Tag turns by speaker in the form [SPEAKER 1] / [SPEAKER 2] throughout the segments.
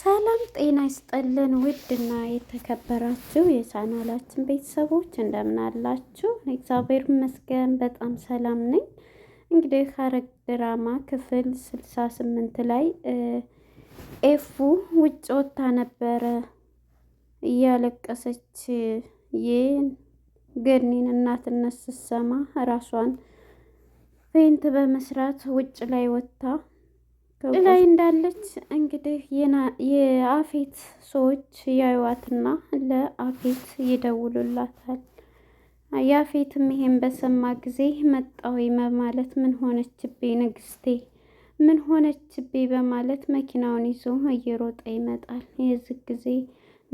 [SPEAKER 1] ሰላም ጤና ይስጠልን። ውድና የተከበራችሁ የቻናላችን ቤተሰቦች እንደምን አላችሁ? እግዚአብሔር ይመስገን በጣም ሰላም ነኝ። እንግዲህ ሐረግ ድራማ ክፍል ስልሳ ስምንት ላይ ኤፉ ውጭ ወታ ነበረ እያለቀሰች ይህን ገኒን እናትነት ስትሰማ ራሷን ፌንት በመስራት ውጭ ላይ ወጥታ ላይ እንዳለች እንግዲህ የአፌት ሰዎች ያዩዋትና ለአፌት ይደውሉላታል። የአፌትም ይሄን በሰማ ጊዜ መጣዊ በማለት ምን ሆነችቤ ንግስቴ፣ ምን ሆነችቤ በማለት መኪናውን ይዞ እየሮጠ ይመጣል። የዚህ ጊዜ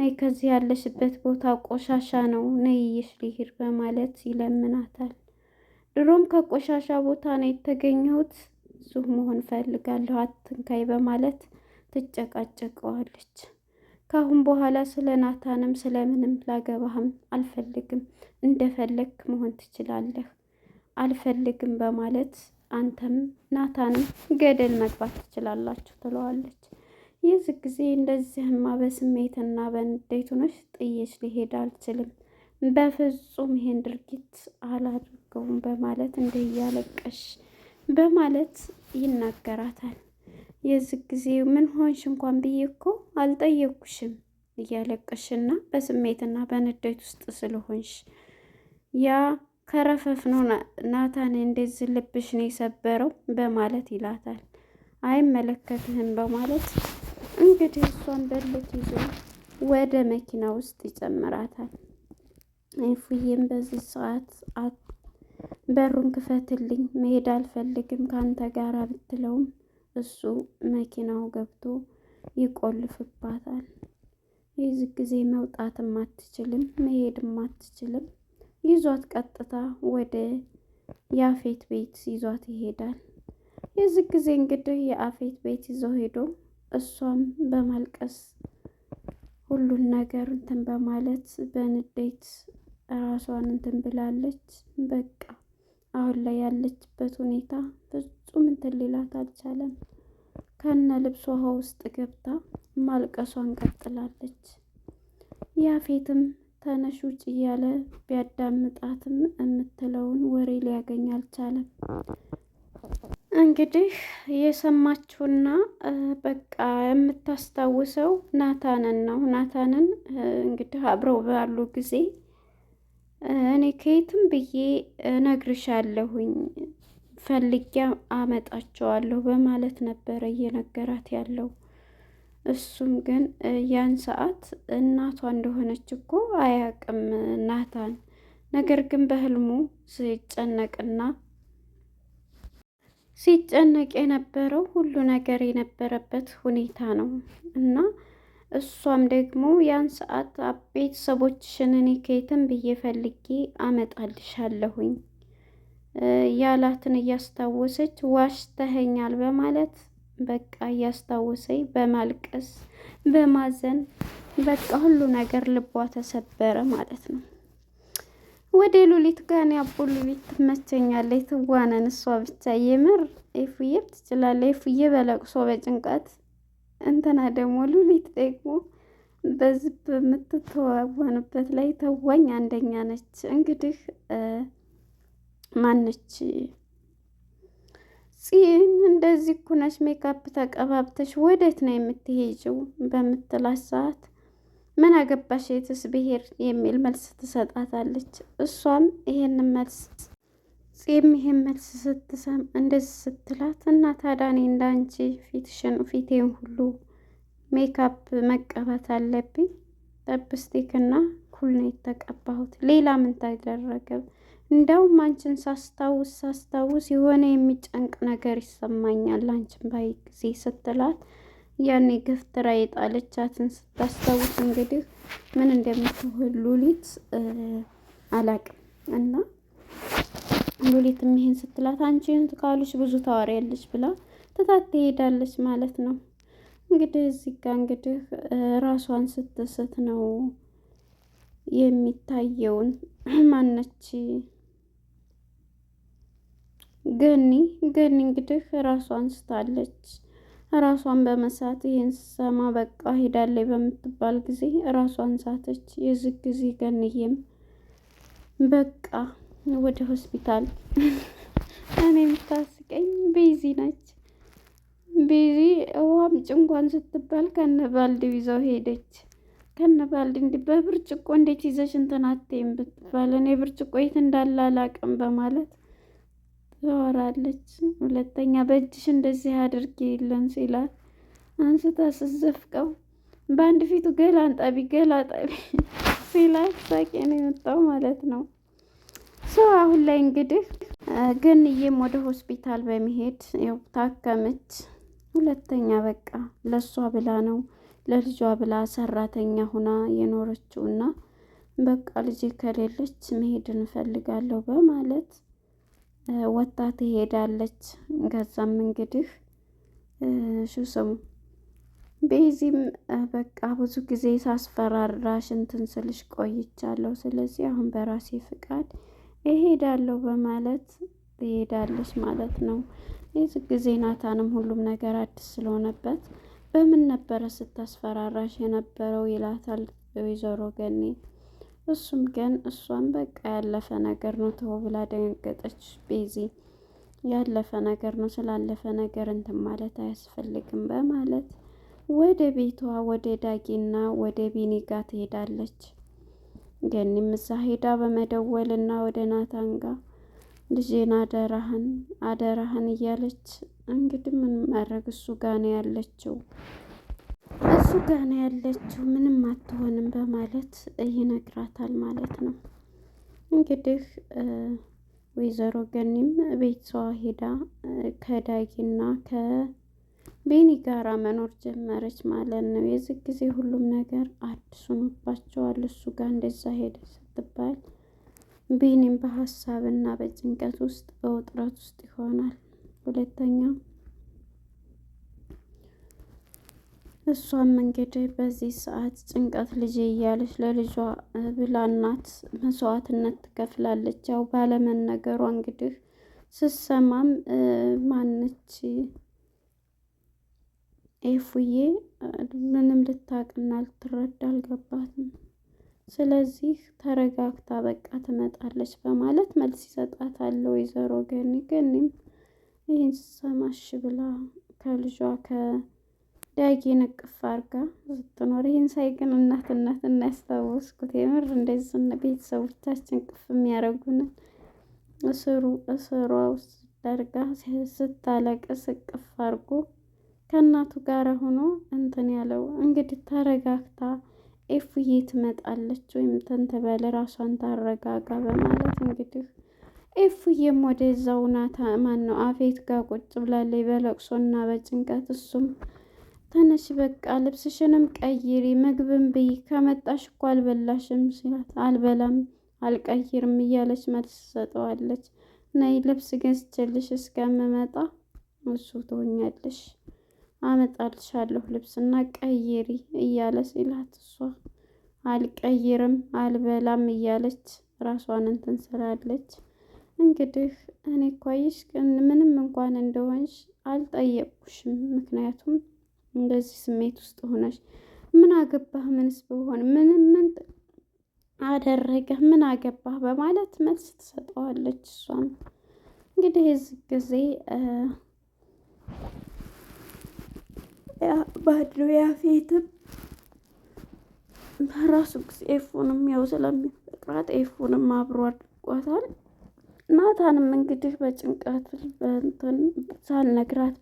[SPEAKER 1] ነይ ከዚህ ያለሽበት ቦታ ቆሻሻ ነው፣ ነይሽ ይሽ ሊሄድ በማለት ይለምናታል። ድሮም ከቆሻሻ ቦታ ነው የተገኘሁት ንጹህ መሆን ፈልጋለሁ አትንካይ በማለት ትጨቃጨቀዋለች። ካሁን በኋላ ስለ ናታንም ስለምንም ላገባህም አልፈልግም፣ እንደፈለግ መሆን ትችላለህ፣ አልፈልግም በማለት አንተም ናታንም ገደል መግባት ትችላላችሁ ትለዋለች። ይህ ጊዜ እንደዚህማ በስሜትና በንዴት ሆነሽ ጥዬሽ ሊሄድ አልችልም፣ በፍጹም ይሄን ድርጊት አላድርገውም በማለት እንደ እያለቀሽ በማለት ይናገራታል። የዚህ ጊዜ ምን ሆንሽ እንኳን ብዬ እኮ አልጠየኩሽም እያለቀሽና በስሜትና በንዴት ውስጥ ስለሆንሽ ያ ከረፈፍ ነው ናታን እንደዚህ ልብሽ ነው የሰበረው በማለት ይላታል። አይመለከትህም በማለት እንግዲህ እሷን በልት ይዞ ወደ መኪና ውስጥ ይጨምራታል። ይፉዬም በዚህ ሰዓት በሩን ክፈትልኝ መሄድ አልፈልግም ከአንተ ጋር ብትለውም እሱ መኪናው ገብቶ ይቆልፍባታል። የዚህ ጊዜ መውጣትም አትችልም፣ መሄድም አትችልም። ይዟት ቀጥታ ወደ የአፌት ቤት ይዟት ይሄዳል። የዚህ ጊዜ እንግዲህ የአፌት ቤት ይዘው ሄዶ እሷም በማልቀስ ሁሉን ነገር እንትን በማለት በንዴት ራሷን እንትን ብላለች። በቃ አሁን ላይ ያለችበት ሁኔታ ፍጹም እንትን ሊላት አልቻለም። ከነ ልብሷ ውሃ ውስጥ ገብታ ማልቀሷን ቀጥላለች። ያፌትም ተነሽ ውጭ እያለ ቢያዳምጣትም የምትለውን ወሬ ሊያገኝ አልቻለም። እንግዲህ የሰማችውና በቃ የምታስታውሰው ናታንን ነው። ናታንን እንግዲህ አብረው ባሉ ጊዜ እኔ ከየትም ብዬ እነግርሻለሁኝ ፈልጊያ አመጣቸዋለሁ በማለት ነበረ እየነገራት ያለው። እሱም ግን ያን ሰዓት እናቷ እንደሆነች እኮ አያውቅም ናታን። ነገር ግን በህልሙ ሲጨነቅና ሲጨነቅ የነበረው ሁሉ ነገር የነበረበት ሁኔታ ነው እና እሷም ደግሞ ያን ሰዓት ቤተሰቦችሽን እኔ ከየትም ብዬ ፈልጌ አመጣልሻለሁኝ ያላትን እያስታወሰች ዋሽተኸኛል በማለት በቃ እያስታወሰኝ በማልቀስ በማዘን በቃ ሁሉ ነገር ልቧ ተሰበረ ማለት ነው። ወደ ሉሊት ጋር ያቦ ሉሊት ትመቸኛለች፣ ትዋነን እሷ ብቻ የምር ፉዬም ትችላለች። ፉዬ በለቅሶ በጭንቀት እንትና ደግሞ ሉሊት ደግሞ በዚህ በምትተዋወንበት ላይ ተዋኝ አንደኛ ነች። እንግዲህ ማነች ፂን እንደዚህ ኩነሽ ሜካፕ ተቀባብተሽ ወዴት ነው የምትሄጂው? በምትላት ሰዓት ምን አገባሽ የትስ ብሄር የሚል መልስ ትሰጣታለች። እሷም ይሄንን መልስ ጺም ይሄን መልስ ስትሰም እንደዚህ ስትላት እናታ ዳኔ እኔ እንዳንቺ ፊትሽን ፊቴን ሁሉ ሜካፕ መቀባት አለብኝ? ጠብስቲክ እና ኩል ነው የተቀባሁት። ሌላ ምን ተደረገ? እንደውም አንቺን ሳስታውስ ሳስታውስ የሆነ የሚጨንቅ ነገር ይሰማኛል አንቺን ባይ ጊዜ ስትላት ያኔ ገፍትራ የጣለቻትን ስታስታውስ እንግዲህ ምን እንደምትሆን ሉሊት አላቅም እና ሉሊትም ይሄን ስትላት አንቺ ይህን ትካሉሽ ብዙ ታወሪያለሽ ብላ ትታት ትሄዳለች ማለት ነው። እንግዲህ እዚህ ጋ እንግዲህ ራሷን ስትስት ነው የሚታየውን ማነች ገኒ ገኒ እንግዲህ ራሷን ስታለች። ራሷን በመሳት ይህን ስሰማ በቃ ሄዳለች በምትባል ጊዜ ራሷን ሳተች። የዚህ ጊዜ ገንዬም በቃ ወደ ሆስፒታል። እኔ የምታስቀኝ ቤዚ ነች። ቤዚ ውሃም ጭንኳን ስትባል ከነ ባልድ ይዘው ሄደች። ከነ ባልዲ እንዲህ በብርጭቆ እንዴት ይዘሽ እንትናቴም ብትባል እኔ ብርጭቆ የት እንዳለ አላቅም በማለት ትወራለች። ሁለተኛ በእጅሽ እንደዚህ አድርጊ የለን ሲላል አንስታ ስዘፍቀው በአንድ ፊቱ ገላ አንጣቢ ገላ አንጣቢ ሲላል ሳቄ ነው የመጣው ማለት ነው። ሶ አሁን ላይ እንግዲህ ግን ይህም ወደ ሆስፒታል በመሄድ ያው ታከመች። ሁለተኛ በቃ ለእሷ ብላ ነው ለልጇ ብላ ሰራተኛ ሁና የኖረችው እና በቃ ልጅ ከሌለች መሄድ እንፈልጋለሁ በማለት ወጣ ትሄዳለች። ገዛም እንግዲህ ሹ ስሙ ቤዚም በቃ ብዙ ጊዜ ሳስፈራራሽ እንትን ስልሽ ቆይቻለሁ። ስለዚህ አሁን በራሴ ፍቃድ እሄዳለሁ በማለት ትሄዳለች ማለት ነው። ይህ ጊዜ ናታንም ሁሉም ነገር አዲስ ስለሆነበት በምን ነበረ ስታስፈራራሽ የነበረው ይላታል ወይዘሮ ገኒ። እሱም ግን እሷም በቃ ያለፈ ነገር ነው ተው ብላ ደነገጠች። ቤዚ ያለፈ ነገር ነው ስላለፈ ነገር እንትን ማለት አያስፈልግም በማለት ወደ ቤቷ ወደ ዳጊና ወደ ቢኒ ትሄዳለች። ገኒም እዛ ሄዳ በመደወል እና ወደ ናታን ጋር ልጄን አደራህን አደራህን እያለች እንግዲህ ምን ማድረግ እሱ ጋር ነው ያለችው እሱ ጋር ነው ያለችው ምንም አትሆንም በማለት ይነግራታል ማለት ነው። እንግዲህ ወይዘሮ ገኒም ቤቷ ሄዳ ከዳጊና ከ ቤኒ ጋራ መኖር ጀመረች ማለት ነው። የዚህ ጊዜ ሁሉም ነገር አዲስ ሆኖባቸዋል። እሱ ጋር እንደዛ ሄደ ስትባል ቤኒም በሀሳብና በጭንቀት ውስጥ በውጥረት ውስጥ ይሆናል። ሁለተኛው እሷም እንግዲህ በዚህ ሰዓት ጭንቀት ልጅ እያለች ለልጇ ብላ እናት መስዋዕትነት ትከፍላለች። ያው ባለመነገሯ እንግዲህ ስሰማም ማነች ኤፉዬ ምንም ልታቅና ልትረዳ አልገባትም። ስለዚህ ተረጋግታ በቃ ትመጣለች በማለት መልስ ይሰጣታል ወይዘሮ ገኒ። ገኒም ይህን ሰማሽ ብላ ከልጇ ከዳጊ ንቅፍ አርጋ ስትኖር ይህን ሳይ ግን እናት እናት እናያስታወስኩት የምር እንደዚህ ቤተሰቦቻችን ቅፍ የሚያደርጉንን እስሩ እስሯ ውስጥ አድርጋ ስታለቅስ እቅፍ አድርጎ ከእናቱ ጋር ሆኖ እንትን ያለው እንግዲህ ተረጋግታ ኤፍዬ ትመጣለች ወይም ተንተበለ ራሷን ታረጋጋ በማለት እንግዲህ ኤፍዬም ወደዛው ናታ ማን ነው አፌት ጋር ቁጭ ብላለች በለቅሶና በጭንቀት እሱም ተነሽ በቃ ልብስሽንም ቀይሪ ምግብን ብይ ከመጣሽ እኮ አልበላሽም ሲላት አልበላም አልቀይርም እያለች መልስ ሰጠዋለች ነይ ልብስ ገዝቼልሽ እስከምመጣ እሱ ትሆኛለሽ አመጣልሻለሁ ልብስና ቀይሪ እያለ ሲላት እሷ አልቀይርም አልበላም እያለች ራሷን እንትን ስላለች እንግዲህ እኔ ኳይሽ አየሽ ምንም እንኳን እንደሆንሽ አልጠየቅኩሽም። ምክንያቱም እንደዚህ ስሜት ውስጥ ሆነሽ ምን አገባህ ምንስ በሆን ምንም ምን አደረገህ ምን አገባህ በማለት መልስ ትሰጠዋለች። እሷም እንግዲህ የዚህ ጊዜ ባድሎ ያፌትም በራሱ ጊዜ ኤፉንም ያው ስለሚፈቅራት ኤፉንም አብሮ አድርጓታል። ናታንም እንግዲህ በጭንቀት በእንትን ሳልነግራት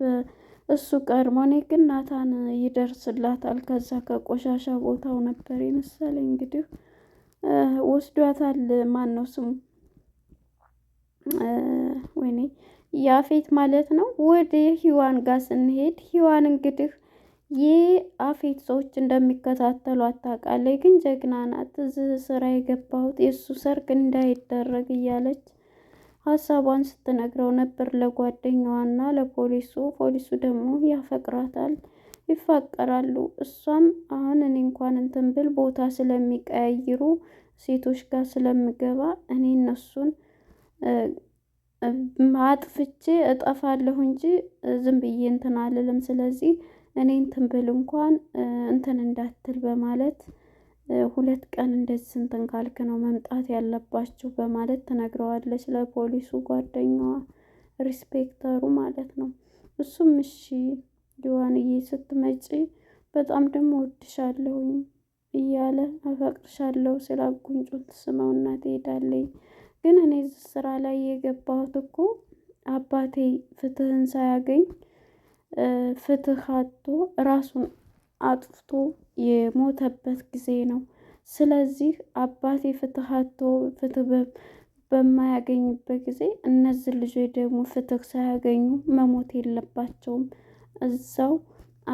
[SPEAKER 1] እሱ ቀድሞ፣ እኔ ግን ናታን ይደርስላታል። ከዛ ከቆሻሻ ቦታው ነበር የመሰለኝ እንግዲህ ወስዷታል። ማን ነው ስሙ? ወይኔ ያፌት ማለት ነው። ወደ ሂዋን ጋር ስንሄድ ሂዋን እንግዲህ ይህ አፌት ሰዎች እንደሚከታተሉ ታውቃለች። ግን ጀግና ናት። እዚህ ስራ የገባሁት የእሱ ሰርግ እንዳይደረግ እያለች ሀሳቧን ስትነግረው ነበር ለጓደኛዋና ለፖሊሱ። ፖሊሱ ደግሞ ያፈቅራታል፣ ይፋቀራሉ። እሷም አሁን እኔ እንኳን እንትን ብል ቦታ ስለሚቀያይሩ ሴቶች ጋር ስለምገባ እኔ እነሱን ማጥፍቼ እጠፋለሁ እንጂ ዝም ብዬ እንትን አልልም። ስለዚህ እኔ እንትን ብል እንኳን እንትን እንዳትል በማለት ሁለት ቀን እንደዚህ እንትን ካልክ ነው መምጣት ያለባችሁ በማለት ትነግረዋለች ለፖሊሱ ጓደኛዋ ሪስፔክተሩ ማለት ነው። እሱም እሺ ዲዋንዬ ስትመጪ በጣም ደግሞ ወድሻለሁኝ እያለ አፈቅርሻለሁ ስላ ጉንጩን ትስመውና ትሄዳለኝ። ግን እኔ ስራ ላይ የገባሁት እኮ አባቴ ፍትህን ሳያገኝ ፍትህ አጥቶ ራሱን አጥፍቶ የሞተበት ጊዜ ነው። ስለዚህ አባቴ ፍትህ አጥቶ ፍትህ በማያገኝበት ጊዜ እነዚህ ልጆች ደግሞ ፍትህ ሳያገኙ መሞት የለባቸውም። እዛው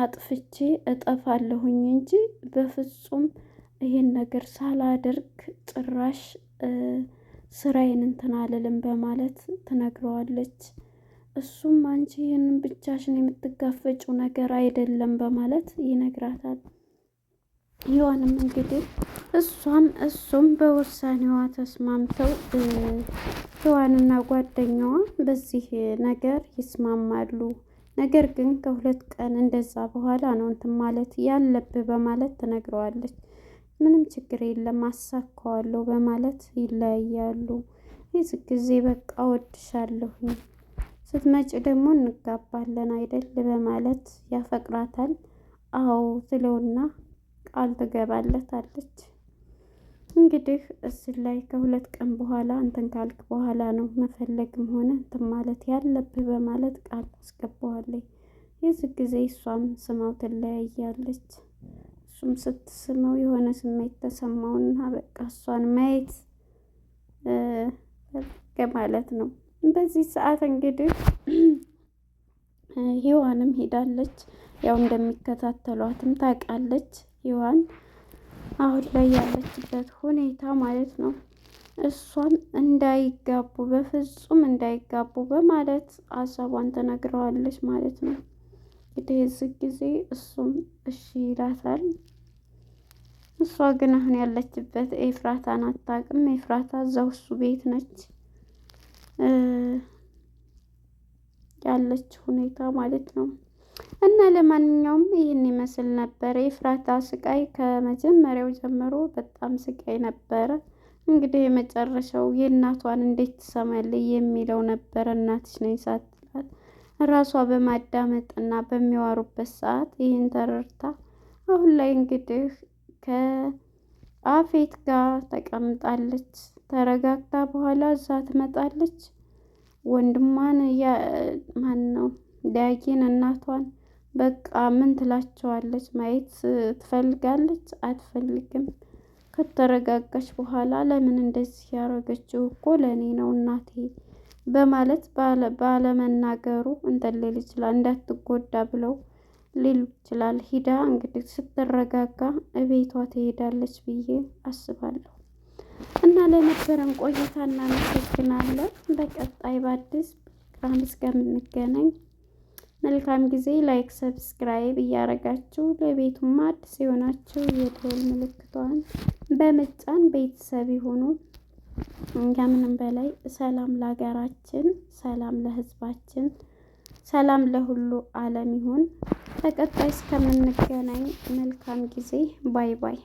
[SPEAKER 1] አጥፍቼ እጠፋለሁኝ እንጂ በፍጹም ይሄን ነገር ሳላደርግ ጭራሽ ስራዬን እንትን አልልም በማለት ትነግረዋለች። እሱም አንቺ ይህንን ብቻሽን የምትጋፈጩ ነገር አይደለም በማለት ይነግራታል። ይሆንም እንግዲህ እሷም እሱም በውሳኔዋ ተስማምተው ህዋንና ጓደኛዋ በዚህ ነገር ይስማማሉ። ነገር ግን ከሁለት ቀን እንደዛ በኋላ ነው እንትን ማለት ያለብህ በማለት ትነግረዋለች። ምንም ችግር የለም አሳካዋለሁ በማለት ይለያያሉ። ይህ ጊዜ በቃ ወድሻለሁ፣ ስትመጭ ደግሞ እንጋባለን አይደል በማለት ያፈቅራታል። አዎ ትለውና ቃል ትገባለታለች። እንግዲህ እዚህ ላይ ከሁለት ቀን በኋላ እንትን ካልክ በኋላ ነው መፈለግም ሆነ እንትን ማለት ያለብህ በማለት ቃል አስገባዋለች። የዚህ ጊዜ እሷም ስማው ትለያያለች። እሱም ስትስመው የሆነ ስሜት ተሰማውና በቃ እሷን ማየት ማለት ነው። በዚህ ሰዓት እንግዲህ ሂዋንም ሄዳለች። ያው እንደሚከታተሏትም ታውቃለች። ሔዋን አሁን ላይ ያለችበት ሁኔታ ማለት ነው። እሷም እንዳይጋቡ በፍጹም እንዳይጋቡ በማለት አሳቧን ተነግረዋለች ማለት ነው። እንግዲህ እዚህ ጊዜ እሱም እሺ ይላታል። እሷ ግን አሁን ያለችበት ኤፍራታን አታውቅም። ኤፍራታ እዛው እሱ ቤት ነች ያለች ሁኔታ ማለት ነው። እና ለማንኛውም ይህን ይመስል ነበር ኤፍራታ ስቃይ። ከመጀመሪያው ጀምሮ በጣም ስቃይ ነበረ። እንግዲህ የመጨረሻው የእናቷን እንዴት ትሰማለች የሚለው ነበረ። እናትሽ ነኝ ሳትላት ራሷ በማዳመጥ በሚዋሩበት ሰዓት ይህን ተረድታ አሁን ላይ እንግዲህ ከአፌት ጋር ተቀምጣለች። ተረጋግታ በኋላ እዛ ትመጣለች። ወንድሟን ማን ነው ዳጊን እናቷን በቃ ምን ትላቸዋለች? ማየት ትፈልጋለች? አትፈልግም። ከተረጋጋች በኋላ ለምን እንደዚህ ያደረገችው እኮ ለእኔ ነው እናቴ በማለት ባለመናገሩ እንትን ሊል ይችላል እንዳትጎዳ ብለው ሊሉ ይችላል። ሂዳ እንግዲህ ስትረጋጋ እቤቷ ትሄዳለች ብዬ አስባለሁ። እና ለነበረን ቆይታ እናመሰግናለን። በቀጣይ በአዲስ ፕሮግራም እስከምንገናኝ መልካም ጊዜ። ላይክ፣ ሰብስክራይብ እያደረጋችሁ ለቤቱም አዲስ የሆናችሁ የደወል ምልክቷን በመጫን ቤተሰብ የሆኑ ከምንም በላይ ሰላም ለሀገራችን፣ ሰላም ለሕዝባችን ሰላም ለሁሉ ዓለም ይሁን። በቀጣይ እስከምንገናኝ መልካም ጊዜ። ባይ ባይ።